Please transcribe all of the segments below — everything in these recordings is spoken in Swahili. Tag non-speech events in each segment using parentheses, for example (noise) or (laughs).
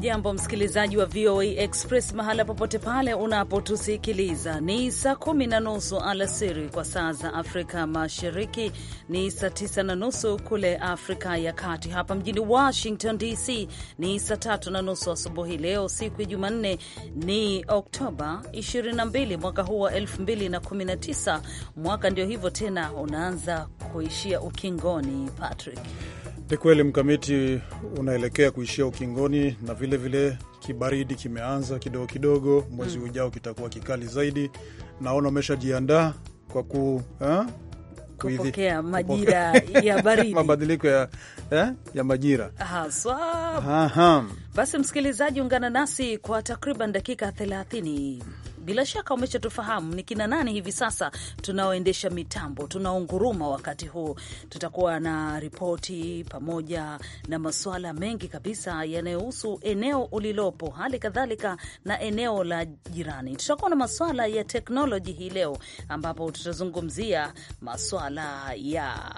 Hujambo msikilizaji wa VOA Express mahala popote pale unapotusikiliza. Ni saa kumi na nusu alasiri kwa saa za Afrika Mashariki, ni saa tisa na nusu kule Afrika ya Kati. Hapa mjini Washington DC ni saa tatu na nusu asubuhi. Leo siku ya Jumanne ni Oktoba 22 mwaka huu wa 2019. Mwaka ndio hivyo tena unaanza kuishia ukingoni, Patrick ni kweli mkamiti unaelekea kuishia ukingoni, na vile vile kibaridi kimeanza kidogo kidogo. Mwezi mm. ujao kitakuwa kikali zaidi. Naona umeshajiandaa kwa ku ha? Eh? kupokea majira (laughs) ya baridi mabadiliko ya, eh, ya majira haswa. Basi msikilizaji, ungana nasi kwa takriban dakika 30 bila shaka umeshatufahamu ni kina nani hivi sasa tunaoendesha mitambo, tunaonguruma wakati huu. Tutakuwa na ripoti pamoja na masuala mengi kabisa yanayohusu eneo ulilopo, hali kadhalika na eneo la jirani. Tutakuwa na masuala ya teknoloji hii leo, ambapo tutazungumzia masuala ya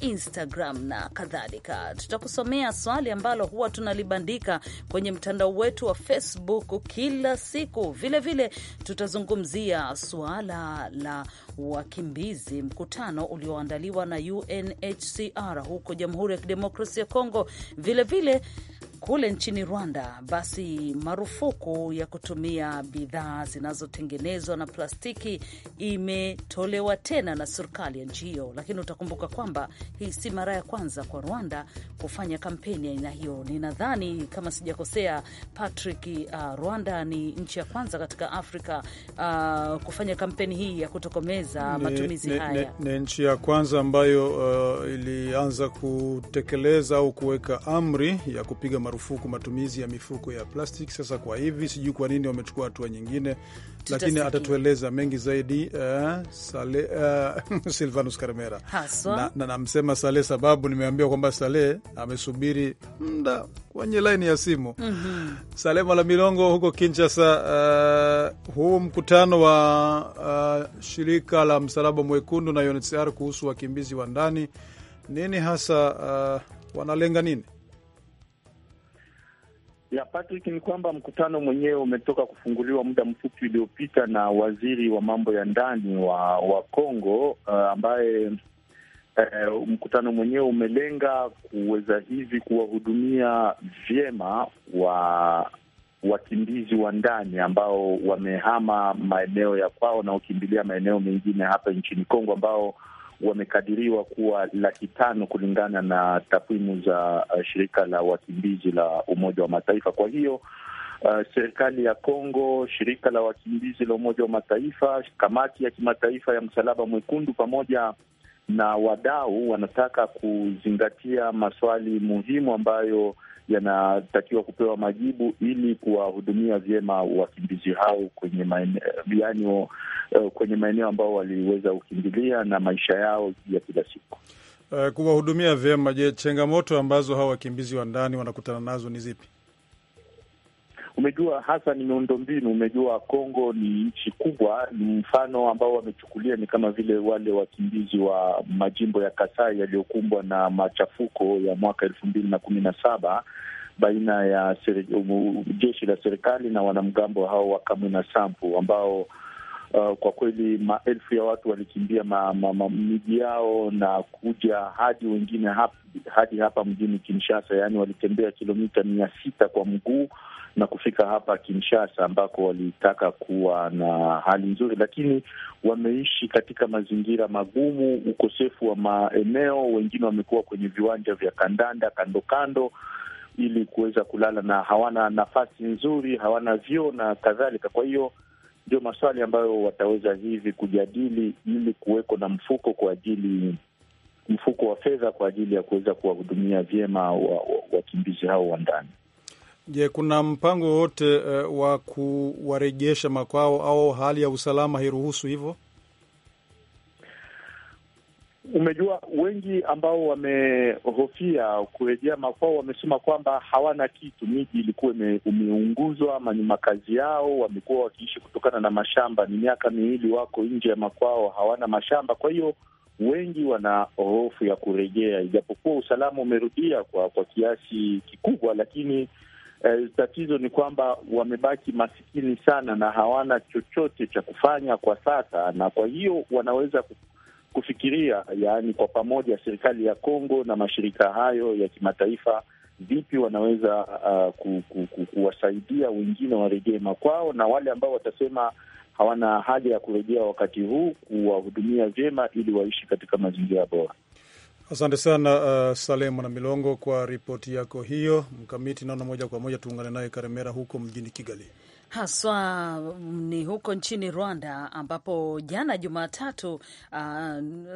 Instagram na kadhalika. Tutakusomea swali ambalo huwa tunalibandika kwenye mtandao wetu wa Facebook kila siku. Vilevile vile tutazungumzia suala la wakimbizi, mkutano ulioandaliwa na UNHCR huko Jamhuri ya Kidemokrasia ya Kongo. Vilevile vile, kule nchini Rwanda, basi marufuku ya kutumia bidhaa zinazotengenezwa na plastiki imetolewa tena na serikali ya nchi hiyo, lakini utakumbuka kwamba hii si mara ya kwanza kwa Rwanda kufanya kampeni ya aina hiyo. Ninadhani kama sijakosea, Patrick, uh, Rwanda ni nchi ya kwanza katika Afrika uh, kufanya kampeni hii ya kutokomeza matumizi ni, haya ni, ni nchi ya kwanza ambayo uh, ilianza kutekeleza au kuweka amri ya kupiga marufuku matumizi ya mifuko ya plastiki. Sasa kwa hivi sijui kwa nini wamechukua hatua nyingine, lakini atatueleza mengi zaidi uh, Sale, uh, (laughs) Silvanus Karmera na, na namsema Sale sababu nimeambiwa kwamba Sale amesubiri mda kwenye laini ya simu mm -hmm. Sale Mwala Milongo huko Kinshasa. Uh, huu mkutano wa uh, shirika la Msalaba Mwekundu na UNHCR kuhusu wakimbizi wa ndani nini hasa, uh, wanalenga nini? ya Patrick ni kwamba mkutano mwenyewe umetoka kufunguliwa muda mfupi uliopita na waziri wa mambo ya ndani wa wa Kongo uh, ambaye uh, mkutano mwenyewe umelenga kuweza hivi kuwahudumia vyema wa wakimbizi wa ndani ambao wamehama maeneo ya kwao na kukimbilia maeneo mengine hapa nchini Kongo ambao wamekadiriwa kuwa laki tano kulingana na takwimu za uh, shirika la wakimbizi la Umoja wa Mataifa. Kwa hiyo Uh, serikali ya Kongo, shirika la wakimbizi la Umoja wa Mataifa, kamati ya kimataifa ya Msalaba Mwekundu pamoja na wadau wanataka kuzingatia maswali muhimu ambayo yanatakiwa kupewa majibu ili kuwahudumia vyema wakimbizi hao kwenye maeneo yani, uh, eh, kwenye maeneo ambao waliweza kukimbilia na maisha yao ya kila siku uh, kuwahudumia vyema. Je, changamoto ambazo hawa wakimbizi wa ndani wanakutana nazo ni zipi? Umejua hasa ni miundo mbinu Umejua Kongo ni nchi kubwa, ni mfano ambao wamechukulia ni kama vile wale wakimbizi wa majimbo ya Kasai yaliyokumbwa na machafuko ya mwaka elfu mbili na kumi na saba baina ya seri, jeshi la serikali na wanamgambo hao wa Kamwina Sampu ambao uh, kwa kweli maelfu ya watu walikimbia ma, ma, ma, miji yao na kuja hadi wengine hadi hapa mjini Kinshasa, yaani walitembea kilomita mia sita kwa mguu na kufika hapa Kinshasa ambako walitaka kuwa na hali nzuri, lakini wameishi katika mazingira magumu, ukosefu wa maeneo. Wengine wamekuwa kwenye viwanja vya kandanda kando kando ili kuweza kulala, na hawana nafasi nzuri, hawana vyoo na kadhalika. Kwa hiyo ndio maswali ambayo wataweza hivi kujadili ili kuweko na mfuko kwa ajili mfuko wa fedha kwa ajili ya kuweza kuwahudumia vyema wakimbizi wa, wa hao wa ndani. Je, kuna mpango wowote uh, eh, wa kuwarejesha makwao au hali ya usalama hairuhusu hivyo? Umejua, wengi ambao wamehofia kurejea makwao wamesema kwamba hawana kitu, miji ilikuwa imeunguzwa ama makazi yao, wamekuwa wakiishi kutokana na mashamba. Ni miaka miwili wako nje ya makwao, hawana mashamba, kwa hiyo wengi wana hofu ya kurejea, ijapokuwa usalama umerudia kwa kwa kiasi kikubwa, lakini eh, tatizo ni kwamba wamebaki masikini sana na hawana chochote cha kufanya kwa sasa, na kwa hiyo wanaweza kufikiria, yaani kwa pamoja, serikali ya Kongo na mashirika hayo ya kimataifa vipi wanaweza uh, kuwasaidia wengine warejee makwao, na wale ambao watasema hawana haja ya kurejea wakati huu kuwahudumia vyema ili waishi katika mazingira bora. Asante sana uh, Salem na Milongo kwa ripoti yako hiyo. Mkamiti, naona moja kwa moja tuungane naye Karemera huko mjini Kigali haswa mm, ni huko nchini Rwanda ambapo jana Jumatatu, uh,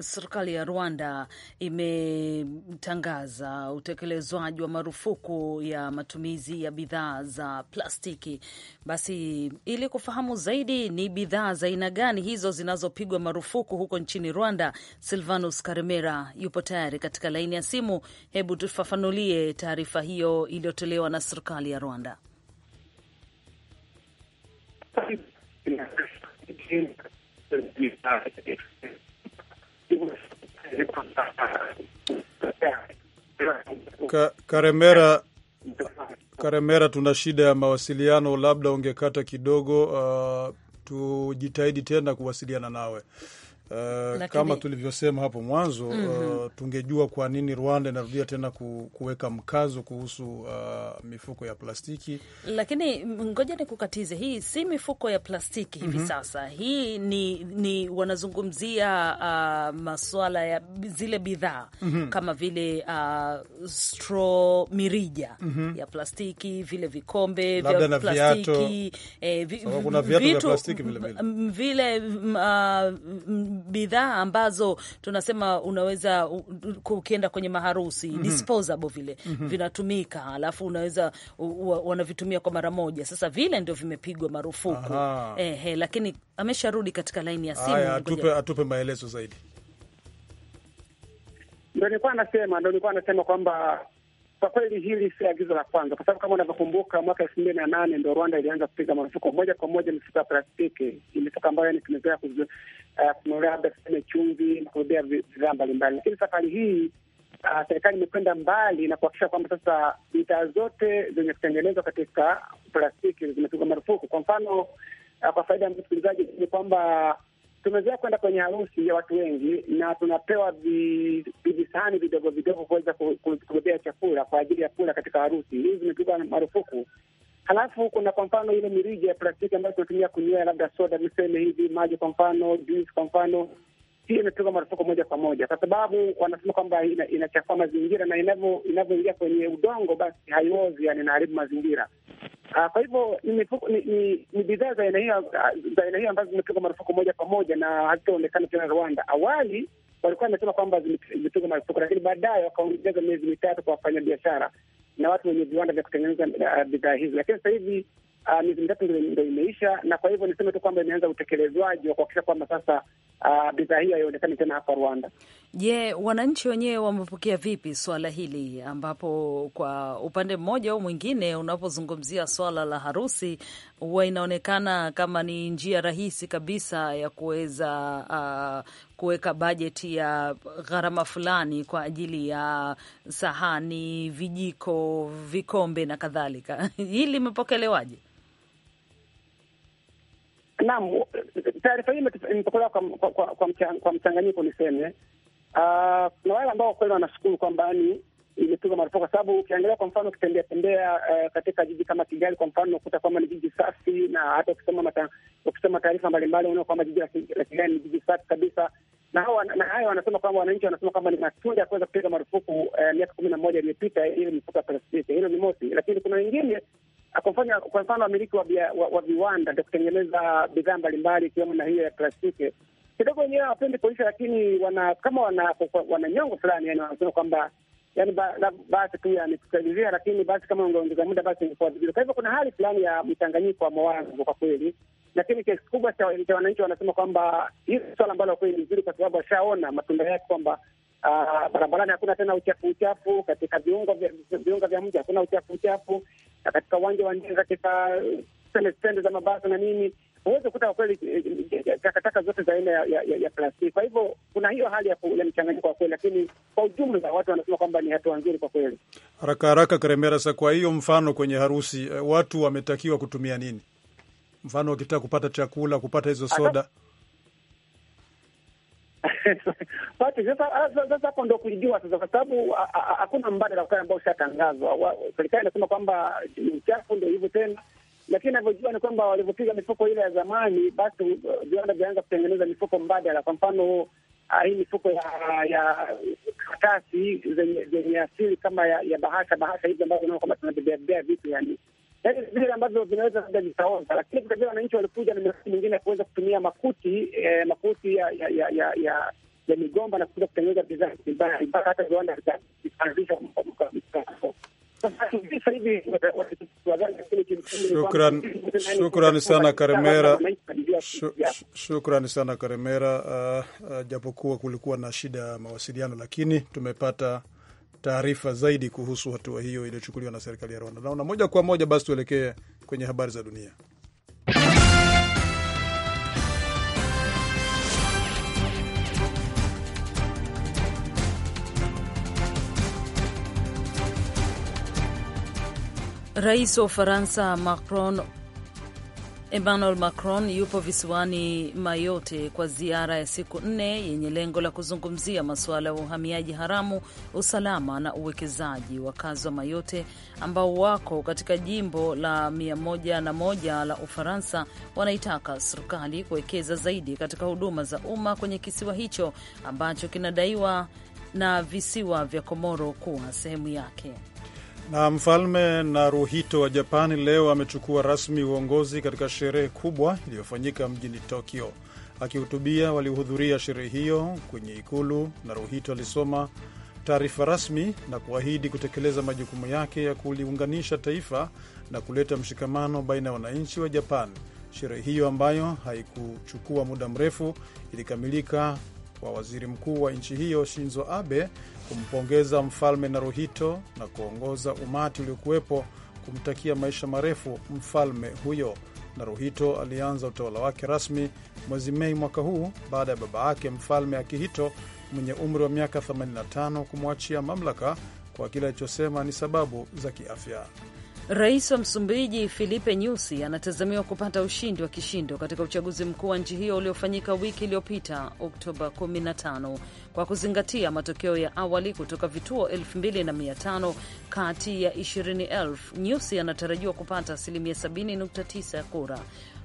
serikali ya Rwanda imetangaza utekelezwaji wa marufuku ya matumizi ya bidhaa za plastiki. Basi ili kufahamu zaidi ni bidhaa za aina gani hizo zinazopigwa marufuku huko nchini Rwanda, Silvanus Karemera yupo tayari katika laini ya simu. Hebu tufafanulie taarifa hiyo iliyotolewa na serikali ya Rwanda. Ka, Karemera Karemera, tuna shida ya mawasiliano, labda ungekata kidogo. Uh, tujitahidi tena kuwasiliana nawe. Uh, Lakini... kama tulivyosema hapo mwanzo mm -hmm. uh, tungejua kwa nini Rwanda inarudia tena ku, kuweka mkazo kuhusu uh, mifuko ya plastiki. Lakini ngoja nikukatize, hii si mifuko ya plastiki hivi mm -hmm. Sasa hii ni, ni wanazungumzia uh, masuala ya zile bidhaa mm -hmm. kama vile uh, straw, mirija mm -hmm. ya plastiki, vile vikombe vya plastiki, eh, vi, vya plastiki vile vile, vile uh, bidhaa ambazo tunasema unaweza ukienda kwenye maharusi mm -hmm. disposable vile mm -hmm. vinatumika, alafu unaweza wanavitumia kwa mara moja. Sasa vile ndio vimepigwa marufuku ehe, lakini amesharudi katika laini ya simu. Atupe, atupe maelezo zaidi. Ndo nilikuwa nasema, ndo nilikuwa nasema kwamba kwa kweli hili si agizo la kwanza, kwa sababu kama unavyokumbuka, mwaka elfu mbili na nane ndo Rwanda ilianza kupiga marufuku moja kwa moja mifuko ya plastiki imetoka ambayo tumezoea kununulia, eh, labda tuseme chumvi na kubebea bidhaa mbalimbali, lakini safari hii Uh, serikali imekwenda mbali na kuhakikisha kwamba sasa bidhaa zote zenye kutengenezwa katika plastiki zimepigwa marufuku. Kwa mfano, uh, kwa faida ya msikilizaji ni kwamba tumezoea kwenda kwenye harusi ya watu wengi na tunapewa vijisahani vidogo vidogo kuweza kubebea chakula kwa ajili ya kula katika harusi. hii zimepigwa marufuku. Halafu kuna kwa mfano ile mirija ya plastiki ambayo tunatumia kunywea labda soda, niseme hivi maji, kwa mfano juisi, kwa mfano hiyo imepigwa marufuku moja kwa moja, kwa sababu wanasema kwamba inachafua ina mazingira na inavyoingia kwenye udongo basi haiozi, yani inaharibu mazingira. Uh, kwa hivyo ni, ni, ni, ni bidhaa za aina hiyo za aina hiyo ambazo zimepigwa marufuku moja kwa moja na hazitaonekana tena Rwanda. Awali walikuwa wamesema kwamba zimepigwa marufuku, lakini baadaye wakaongeza miezi mitatu kwa wafanyabiashara na watu wenye viwanda vya kutengeneza uh, bidhaa hizi, lakini sasa hivi ah, miezi mitatu ndo imeisha, na kwa hivyo niseme tu kwamba imeanza utekelezwaji wa kuhakikisha kwamba sasa uh, bidhaa hiyo haionekani tena hapa Rwanda. Je, yeah, wananchi wenyewe wamepokea vipi swala hili, ambapo kwa upande mmoja au mwingine unapozungumzia swala la harusi huwa inaonekana kama ni njia rahisi kabisa ya kuweza uh, kuweka bajeti ya gharama fulani kwa ajili ya sahani, vijiko, vikombe na kadhalika. (laughs) Hili limepokelewaje? Naam, taarifa hii imetokolewa kwa, kwa, kwa, kwa, mchanganyiko niseme. Uh, kuna wale ambao kweli wanashukuru kwamba ni yaani imepigwa marufuku kwa sababu ukiangalia kwa mfano ukitembea tembea uh, katika jiji kama Kigali kwa mfano unakuta kwamba ni jiji safi, na hata ukisoma taarifa mbalimbali unaona kwamba jiji la Kigali ni jiji safi kabisa, na hayo wanasema kwamba wananchi wanasema kwamba ni matunda ya kuweza kupiga marufuku eh, miaka kumi na moja iliyopita, ili mifuko ya plastiki. Hilo ni mosi, lakini kuna wengine Ah, kwa mfano, kwa mfano wamiliki wa, wa, wa viwanda vya kutengeneza bidhaa mbalimbali ikiwemo na hiyo ya plastiki kidogo, wenyewe hawapendi kuisha, lakini wana kama wana wana nyongo fulani, yani wanasema kwamba yani basi tu yametusaidizia, lakini basi kama ungeongeza muda basi ingekuwa vizuri. Kwa hivyo kuna hali fulani ya mchanganyiko wa mawazo kwa kweli, lakini kiasi kubwa cha wananchi wanasema kwamba hili swala ambalo kweli ni zuri, kwa sababu washaona matunda yake kwamba uh, barabarani hakuna tena uchafu uchafu, katika viunga vya, viunga vya mji hakuna uchafu uchafu, na katika uwanja wa ndege, katika uh, stende stende za mabasi na nini huwezi kuta kwa kweli eh, eh, takataka zote za aina ya, ya, ya plastiki. Kwa hivyo kuna hiyo hali ya, ya mchanganyiko kwa kweli, lakini kwa ujumla watu wanasema kwamba ni hatua nzuri kwa kweli. Haraka haraka, Karemera, sa kwa hiyo mfano kwenye harusi eh, watu wametakiwa kutumia nini? Mfano wakitaka kupata chakula, kupata hizo ah, soda Ata (laughs) Ah, sasa hapo ndo kulijua sasa, kwa sababu ah, ah, hakuna mbadala wakati ambao ushatangazwa. Serikali inasema kwamba ni uchafu, ndo hivyo tena, lakini navyojua ni kwamba walivyopiga mifuko ile ya zamani, basi uh, viwanda vianza kutengeneza mifuko mbadala. Kwa mfano hii mifuko ya karatasi zenye asili kama ya bahasha bahasha hivi, ambazo unaona kwamba tunabebea vitu yani yaani vile ambavyo vinaweza labda vikaoza, lakini vilevile wananchi walikuja na miradi mingine ya kuweza kutumia makuti eh, makuti ya ya ya, ya, ya, ya migomba na kuweza kutengeneza bidhaa mbalimbali mpaka hata viwanda vikaanzishwa. Shukrani sana Karemera, shukrani sana Karemera. Uh, uh, japokuwa kulikuwa na shida ya mawasiliano, lakini tumepata taarifa zaidi kuhusu hatua hiyo iliyochukuliwa na serikali ya Rwanda. Naona moja kwa moja basi tuelekee kwenye habari za dunia. Rais wa Ufaransa Macron Emmanuel Macron yupo visiwani Mayotte kwa ziara ya siku nne yenye lengo la kuzungumzia masuala ya uhamiaji haramu, usalama na uwekezaji. Wakazi wa Mayotte ambao wako katika jimbo la 11 la Ufaransa wanaitaka serikali kuwekeza zaidi katika huduma za umma kwenye kisiwa hicho ambacho kinadaiwa na visiwa vya Komoro kuwa sehemu yake. Na mfalme Naruhito wa Japani leo amechukua rasmi uongozi katika sherehe kubwa iliyofanyika mjini Tokyo. Akihutubia waliohudhuria sherehe hiyo kwenye ikulu, Naruhito alisoma taarifa rasmi na kuahidi kutekeleza majukumu yake ya kuliunganisha taifa na kuleta mshikamano baina ya wananchi wa Japan. Sherehe hiyo ambayo haikuchukua muda mrefu ilikamilika wa waziri mkuu wa nchi hiyo Shinzo Abe kumpongeza mfalme Naruhito na kuongoza umati uliokuwepo kumtakia maisha marefu mfalme huyo. Naruhito alianza utawala wake rasmi mwezi Mei mwaka huu baada ya baba yake mfalme Akihito mwenye umri wa miaka 85 kumwachia mamlaka kwa kile alichosema ni sababu za kiafya. Rais wa Msumbiji Filipe Nyusi anatazamiwa kupata ushindi wa kishindo katika uchaguzi mkuu wa nchi hiyo uliofanyika wiki iliyopita Oktoba 15 kwa kuzingatia matokeo ya awali kutoka vituo 2500 kati ya 20,000. Nyusi anatarajiwa kupata asilimia 70.9 ya kura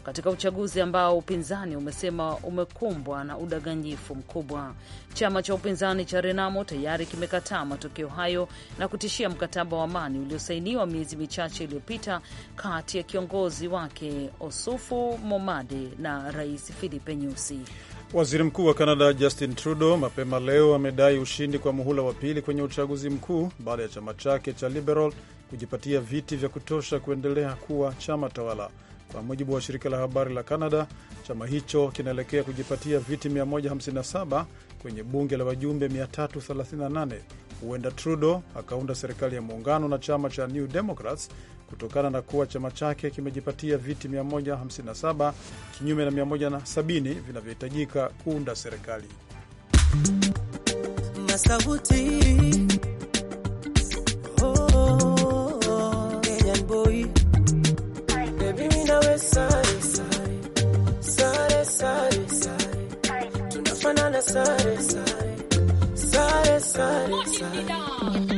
katika uchaguzi ambao upinzani umesema umekumbwa na udanganyifu mkubwa. Chama cha upinzani cha Renamo tayari kimekataa matokeo hayo na kutishia mkataba wa amani uliosainiwa miezi michache iliyopita kati ya kiongozi wake Osufu Momade na Rais Filipe Nyusi. Waziri Mkuu wa Kanada Justin Trudeau mapema leo amedai ushindi kwa muhula wa pili kwenye uchaguzi mkuu baada ya chama chake cha Liberal kujipatia viti vya kutosha kuendelea kuwa chama tawala. Kwa mujibu wa shirika la habari la Canada, chama hicho kinaelekea kujipatia viti 157 kwenye bunge la wajumbe 338. Huenda Trudeau akaunda serikali ya muungano na chama cha New Democrats kutokana na kuwa chama chake kimejipatia viti 157 kinyume na 170 vinavyohitajika kuunda serikali. Masauti, oh, oh, oh, nawe sare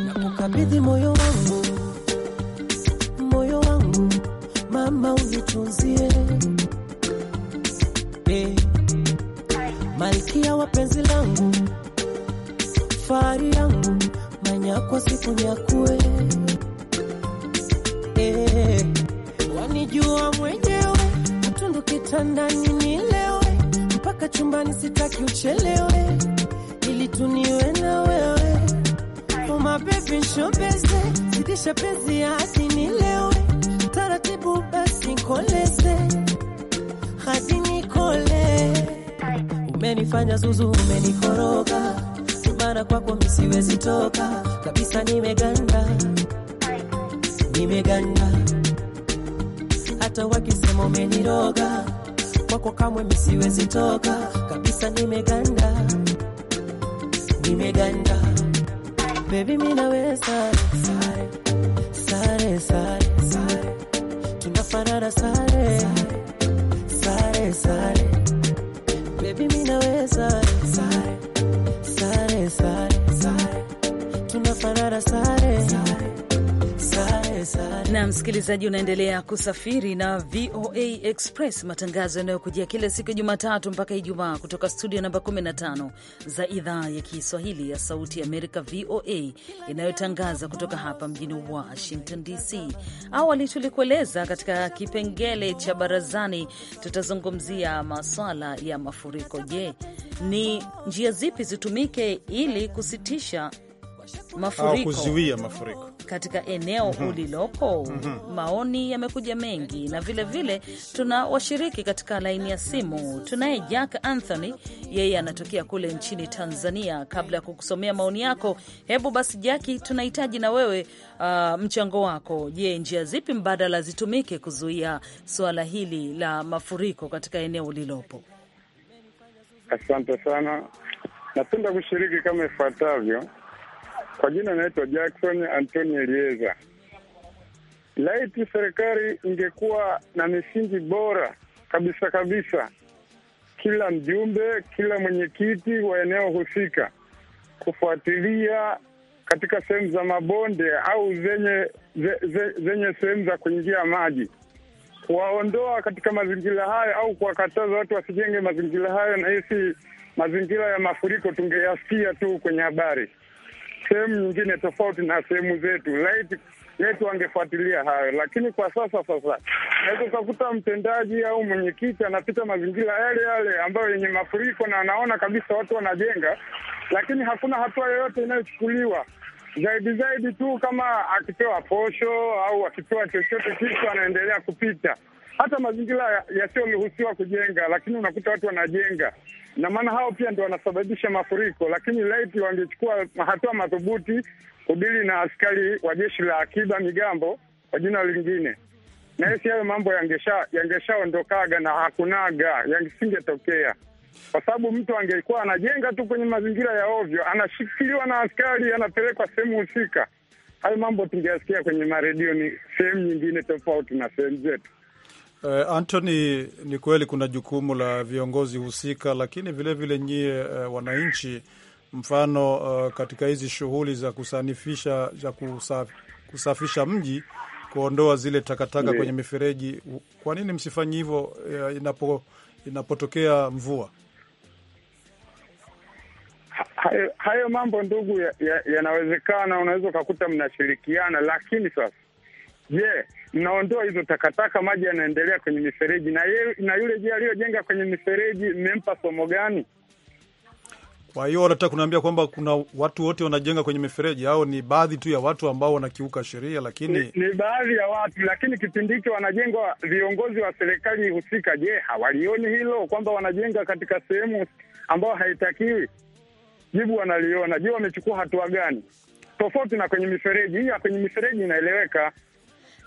nakukabidhi moyo wangu moyo wangu mama unitunzie hey. Malkia wa penzi langu fahari yangu manyakwa siku nyakue najua mwenyewe, mtundu kitandani nilewe, mpaka chumbani sitaki uchelewe, ili tuniwe na wewe. Oh my baby, nishobeze, penzi hadi nilewe, taratibu basi nkoleze, hadi nikole. Umenifanya zuzu, umenikoroga, mana kwako misiwezi toka kabisa, nimeganda, nimeganda Wajikuta wakisema umeniroga, kwako kamwe misiwezi toka kabisa, nimeganda, nimeganda. Baby mimi na sare sare sare sare, tunafanana sare sare sare, baby mimi na sare sare sare sare, tunafanana sare na msikilizaji, unaendelea kusafiri na VOA Express, matangazo yanayokujia kila siku ya Jumatatu mpaka Ijumaa kutoka studio namba 15 za idhaa ya Kiswahili ya Sauti ya Amerika, VOA, inayotangaza kutoka hapa mjini Washington DC. Awali tulikueleza katika kipengele cha barazani, tutazungumzia maswala ya mafuriko. Je, ni njia zipi zitumike ili kusitisha mafuriko, kuzuia mafuriko? katika eneo mm -hmm. ulilopo mm -hmm. Maoni yamekuja mengi, na vilevile tuna washiriki katika laini ya simu. Tunaye Jack Anthony, yeye anatokea kule nchini Tanzania. Kabla ya kukusomea maoni yako, hebu basi Jaki, tunahitaji na wewe uh, mchango wako. Je, njia zipi mbadala zitumike kuzuia suala hili la mafuriko katika eneo ulilopo? Asante sana, napenda kushiriki kama ifuatavyo. Kwa jina anaitwa Jackson Antoni Elieza. Laiti serikali ingekuwa na misingi bora kabisa kabisa, kila mjumbe, kila mwenyekiti wa eneo husika kufuatilia katika sehemu za mabonde au zenye ze, ze, zenye sehemu za kuingia maji, kuwaondoa katika mazingira hayo au kuwakataza watu wasijenge mazingira hayo, na hisi mazingira ya mafuriko tungeyasikia tu kwenye habari sehemu nyingine tofauti na sehemu zetu. Laiti laiti wangefuatilia hayo, lakini kwa sasa sasa naweza ukakuta mtendaji au mwenyekiti anapita mazingira yale yale ambayo yenye mafuriko na anaona kabisa watu wanajenga, lakini hakuna hatua yoyote inayochukuliwa zaidi zaidi tu kama akipewa posho au akipewa chochote kitu anaendelea kupita hata mazingira yasiyoruhusiwa kujenga, lakini unakuta watu wanajenga, na maana hao pia ndo wanasababisha mafuriko. Lakini laiti wangechukua hatua madhubuti kudili na askari wa jeshi la akiba migambo kwa jina lingine, na hisi hayo mambo yangeshaondokaga na hakunaga, yasingetokea kwa sababu mtu angekuwa anajenga tu kwenye mazingira ya ovyo, anashikiliwa na askari, anapelekwa sehemu husika. Hayo mambo tungeyasikia kwenye maredio, ni sehemu nyingine tofauti na sehemu zetu. Uh, Anthony, ni kweli kuna jukumu la viongozi husika, lakini vilevile vile nyie, uh, wananchi, mfano uh, katika hizi shughuli za kusanifisha za kusaf, kusafisha mji, kuondoa zile takataka yeah, kwenye mifereji, kwa nini msifanyi hivyo uh, inapo, inapotokea mvua? Hayo, hayo mambo ndugu, yanawezekana ya, ya unaweza ukakuta mnashirikiana, lakini sasa je, mnaondoa hizo takataka, maji yanaendelea kwenye mifereji. Na, ye, na yule je aliyojenga kwenye mifereji mmempa somo gani? Kwa hiyo wanataka kuniambia kwamba kuna watu wote wanajenga kwenye mifereji au ni baadhi tu ya watu ambao wanakiuka sheria? Lakini ni, ni baadhi ya watu, lakini kipindi hicho wanajengwa, viongozi wa serikali husika, je, hawalioni hilo kwamba wanajenga katika sehemu ambayo haitakiwi? Jibu wanaliona. Je, wamechukua hatua gani? Tofauti na kwenye mifereji hii, ya kwenye mifereji inaeleweka.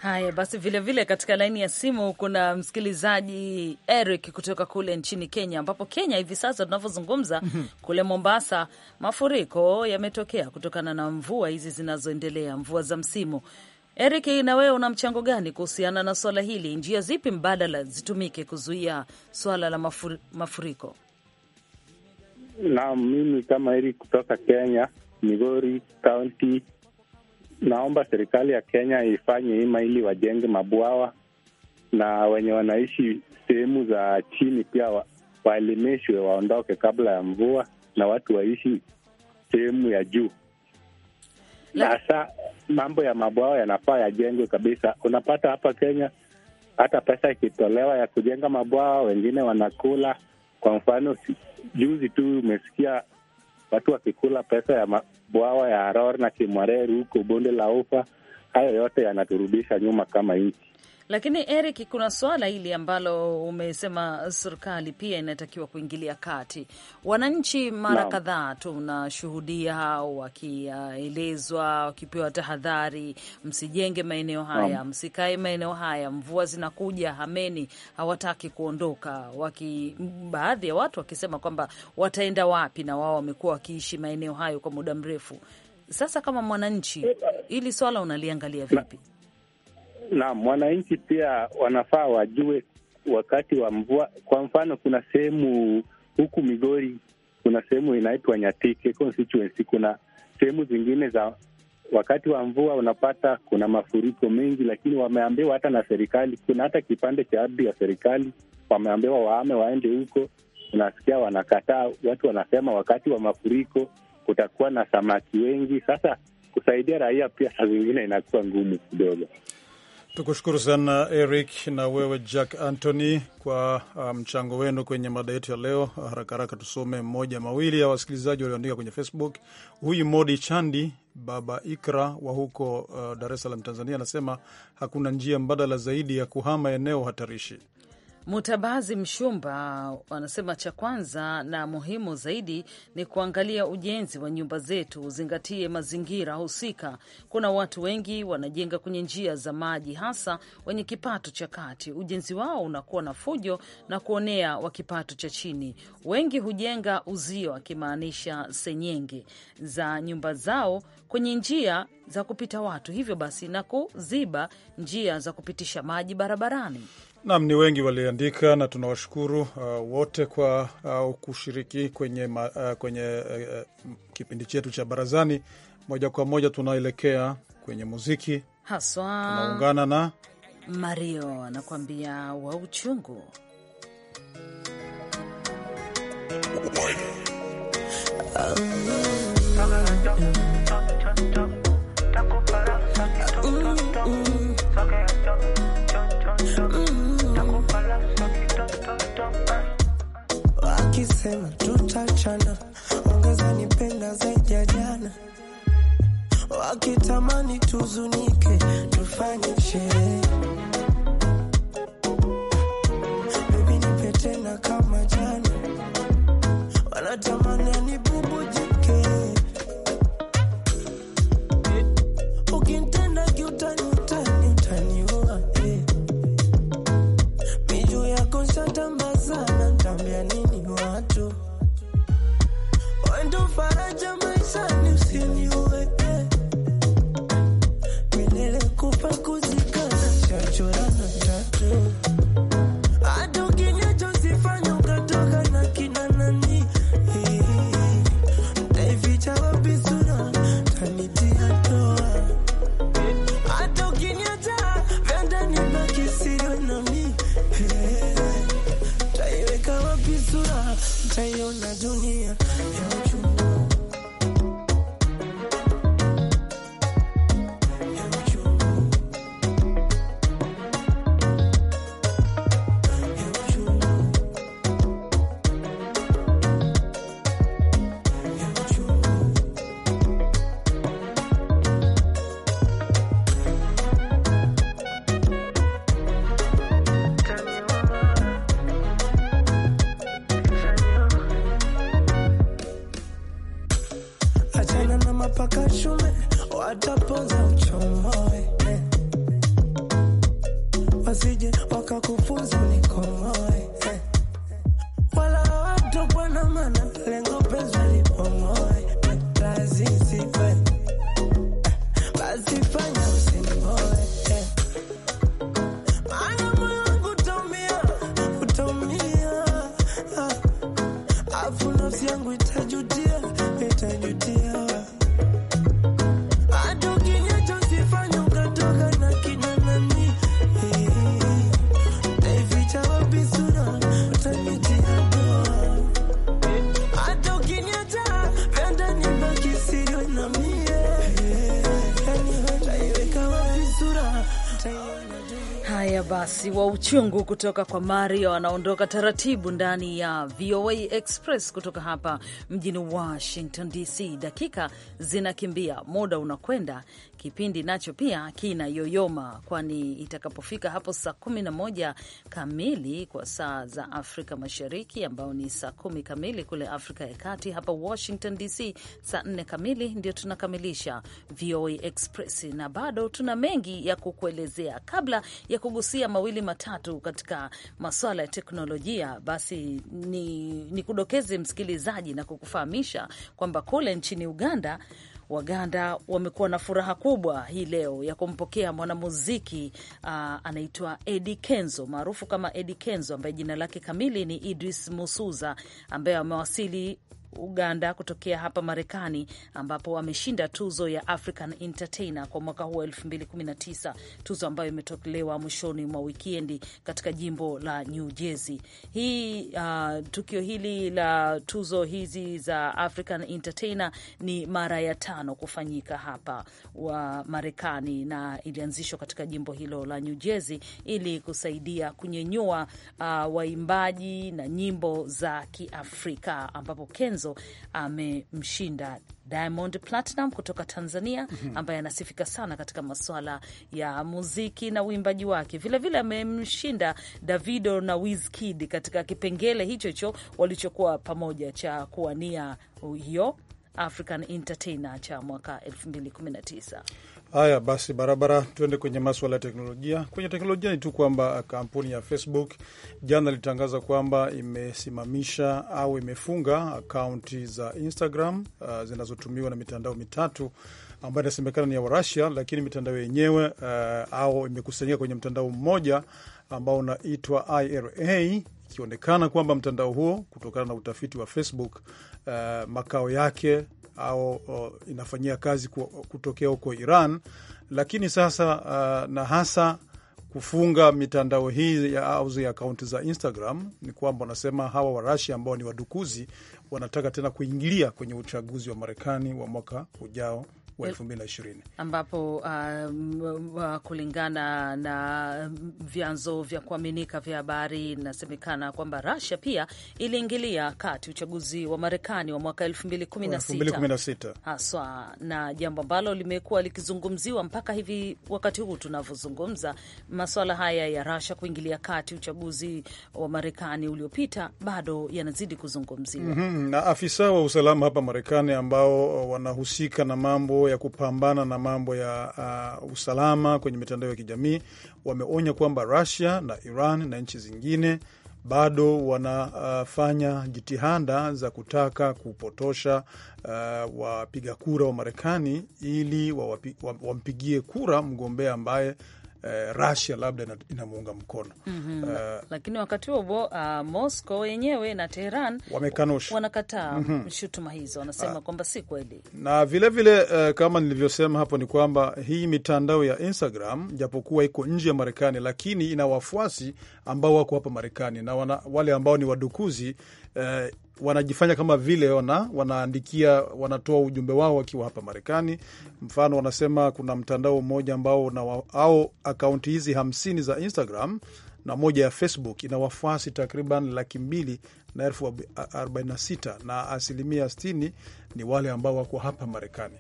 Haya basi, vilevile vile katika laini ya simu kuna msikilizaji Eric kutoka kule nchini Kenya, ambapo Kenya hivi sasa tunavyozungumza, mm -hmm. kule Mombasa mafuriko yametokea kutokana na mvua hizi zinazoendelea, mvua za msimu. Eric, na wewe una mchango gani kuhusiana na swala hili? Njia zipi mbadala zitumike kuzuia swala la mafur, mafuriko? Naam, mimi kama Eric kutoka Kenya, Migori County naomba serikali ya Kenya ifanye ima ili wajenge mabwawa na wenye wanaishi sehemu za chini pia wa, waelimishwe waondoke kabla ya mvua na watu waishi sehemu ya juu. Sasa mambo ya mabwawa yanafaa yajengwe kabisa. Unapata hapa Kenya hata pesa ikitolewa ya kujenga mabwawa wengine wanakula. Kwa mfano, juzi tu umesikia watu wakikula pesa ya mabwawa ya Aror na Kimwareru huko bonde la Ufa. Hayo yote yanaturudisha nyuma kama nchi. Lakini Eric, kuna swala hili ambalo umesema serikali pia inatakiwa kuingilia kati. Wananchi mara kadhaa tunashuhudia wakielezwa, wakipewa tahadhari, msijenge maeneo haya, msikae maeneo haya, mvua zinakuja, hameni, hawataki kuondoka, waki baadhi ya watu wakisema kwamba wataenda wapi na wao wamekuwa wakiishi maeneo hayo kwa muda mrefu. Sasa kama mwananchi, eh, eh. hili swala unaliangalia vipi? Naam, wananchi pia wanafaa wajue wakati wa mvua. Kwa mfano, kuna sehemu huku Migori, kuna sehemu inaitwa Nyatike constituency, kuna sehemu zingine za wakati wa mvua unapata kuna mafuriko mengi, lakini wameambiwa hata na serikali, kuna hata kipande cha ardhi ya serikali wameambiwa waame waende huko, unasikia wanakataa. Watu wanasema wakati wa mafuriko kutakuwa na samaki wengi. Sasa kusaidia raia pia saa zingine inakuwa ngumu kidogo. Tukushukuru sana Eric na wewe Jack Anthony kwa uh, mchango um, wenu kwenye mada yetu ya leo. Haraka haraka tusome mmoja mawili ya wasikilizaji walioandika kwenye Facebook. Huyu Modi Chandi Baba Ikra wa huko uh, Dar es Salaam, Tanzania, anasema hakuna njia mbadala zaidi ya kuhama eneo hatarishi. Mutabazi Mshumba anasema cha kwanza na muhimu zaidi ni kuangalia ujenzi wa nyumba zetu uzingatie mazingira husika. Kuna watu wengi wanajenga kwenye njia za maji, hasa wenye kipato cha kati. Ujenzi wao unakuwa na fujo na kuonea wa kipato cha chini. Wengi hujenga uzio, akimaanisha senyenge za nyumba zao kwenye njia za kupita watu, hivyo basi na kuziba njia za kupitisha maji barabarani. Nam, ni wengi waliandika na tunawashukuru uh, wote kwa uh, kushiriki kwenye, ma, uh, kwenye uh, uh, kipindi chetu cha barazani. Moja kwa moja tunaelekea kwenye muziki haswa, tunaungana na Mario anakuambia wa uchungu mm. ukisema tutachana, ongeza nipenda zaidi ya jana, wakitamani tuzunike, tufanye sherehe bebi, nipe kama jana, wanatamani anibubujike, ukinitenda kiutani utani eh. watu, wendo faraja maisha ni usiniweke basi, wa uchungu kutoka kwa Mario anaondoka taratibu ndani ya VOA Express kutoka hapa mjini Washington DC. Dakika zinakimbia, muda unakwenda. Kipindi nacho pia kina yoyoma, kwani itakapofika hapo saa kumi na moja kamili kwa saa za Afrika Mashariki, ambao ni saa kumi kamili kule Afrika ya Kati, hapa Washington DC saa nne kamili, ndio tunakamilisha VOA Express, na bado tuna mengi ya kukuelezea. Kabla ya kugusia mawili matatu katika maswala ya teknolojia, basi ni, ni kudokeze msikilizaji na kukufahamisha kwamba kule nchini Uganda Waganda wamekuwa na furaha kubwa hii leo ya kumpokea mwanamuziki uh, anaitwa Eddie Kenzo maarufu kama Eddie Kenzo ambaye jina lake kamili ni Idris Musuza ambaye amewasili Uganda kutokea hapa Marekani, ambapo ameshinda tuzo ya African Entertainer kwa mwaka huu wa 2019, tuzo ambayo imetolewa mwishoni mwa wikendi katika jimbo la New Jersey. Hii uh, tukio hili la tuzo hizi za African Entertainer ni mara ya tano kufanyika hapa wa Marekani, na ilianzishwa katika jimbo hilo la New Jersey ili kusaidia kunyenyua uh, waimbaji na nyimbo za Kiafrika ambapo Kenzo ambazo amemshinda Diamond Platinum kutoka Tanzania mhm. ambaye anasifika sana katika masuala ya muziki na uimbaji wake. Vilevile amemshinda Davido na Wizkid katika kipengele hicho hicho walichokuwa pamoja cha kuwania hiyo African Entertainer cha mwaka 2019. Haya basi, barabara, tuende kwenye maswala ya teknolojia. Kwenye teknolojia ni tu kwamba kampuni ya Facebook jana ilitangaza kwamba imesimamisha au imefunga akaunti za Instagram uh, zinazotumiwa na mitandao mitatu ambayo inasemekana ni ya Warusia, lakini mitandao yenyewe uh, au imekusanyika kwenye mtandao mmoja ambao unaitwa IRA ikionekana kwamba mtandao huo kutokana na utafiti wa Facebook uh, makao yake au uh, inafanyia kazi kutokea huko Iran, lakini sasa uh, na hasa kufunga mitandao hii ya auzi ya akaunti za Instagram ni kwamba wanasema hawa Warashi ambao ni wadukuzi wanataka tena kuingilia kwenye uchaguzi wa Marekani wa mwaka ujao wa 2020 ambapo um, kulingana na vyanzo vya kuaminika vya habari inasemekana kwamba Russia pia iliingilia kati uchaguzi wa Marekani wa mwaka 2016 haswa, na jambo ambalo limekuwa likizungumziwa mpaka hivi wakati huu tunavyozungumza. Maswala haya ya rasha kuingilia kati uchaguzi wa Marekani uliopita bado yanazidi kuzungumziwa mm -hmm. na afisa wa usalama hapa Marekani ambao wanahusika na mambo ya kupambana na mambo ya uh, usalama kwenye mitandao ya kijamii wameonya kwamba Russia na Iran na nchi zingine bado wanafanya uh, jitihada za kutaka kupotosha uh, wapiga kura wa Marekani ili wampigie kura mgombea ambaye eh, Russia labda inamuunga mkono mm -hmm. Uh, lakini wakati huo uh, Moscow wenyewe na teheran wamekanusha, wanakataa mm -hmm. shutuma hizo, wanasema uh, kwamba si kweli. Na vilevile vile, uh, kama nilivyosema hapo ni kwamba hii mitandao ya Instagram japokuwa iko nje ya Marekani, lakini ina wafuasi ambao wako hapa Marekani na wana, wale ambao ni wadukuzi eh, wanajifanya kama vile ona, wanaandikia wanatoa ujumbe wao wakiwa hapa Marekani. Mfano, wanasema kuna mtandao mmoja ambao na au akaunti hizi hamsini za Instagram na moja ya Facebook ina wafuasi takriban laki mbili na elfu arobaini na sita na asilimia sitini ni wale ambao wako hapa Marekani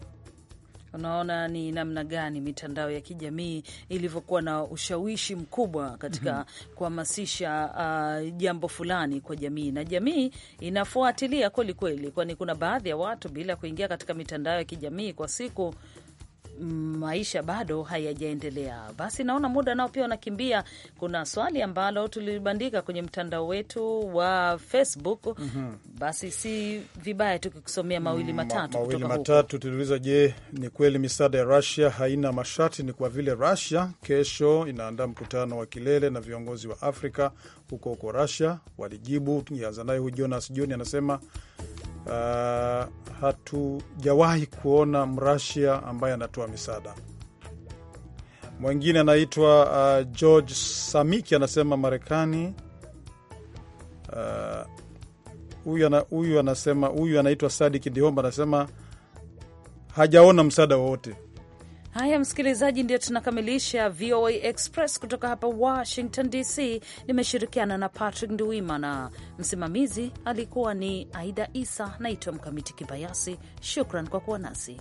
unaona ni namna gani mitandao ya kijamii ilivyokuwa na ushawishi mkubwa katika mm -hmm. kuhamasisha uh, jambo fulani kwa jamii, na jamii inafuatilia kweli kweli, kwani kuna baadhi ya watu bila kuingia katika mitandao ya kijamii kwa siku maisha bado hayajaendelea. Basi naona muda nao pia unakimbia. Kuna swali ambalo tulibandika kwenye mtandao wetu wa Facebook. mm -hmm. Basi si vibaya tukikusomea mawili mm, matatu. Ma, mawili matatu tuliuliza, je, ni kweli misaada ya rasia haina masharti? Ni kwa vile rasia kesho inaandaa mkutano wa kilele na viongozi wa Afrika huko huko rasia walijibu. Yaanza naye Jonas John anasema uh, hatujawahi kuona mrasia ambaye anatoa misaada. mwengine anaitwa uh, George Samiki anasema Marekani uh, huyu uh, anasema huyu anaitwa Sadiki dihomba anasema hajaona msaada wowote. Haya, msikilizaji, ndio tunakamilisha VOA Express kutoka hapa Washington DC. Nimeshirikiana na Patrick Nduwima na msimamizi alikuwa ni Aida Isa. Naitwa Mkamiti Kibayasi. Shukran kwa kuwa nasi.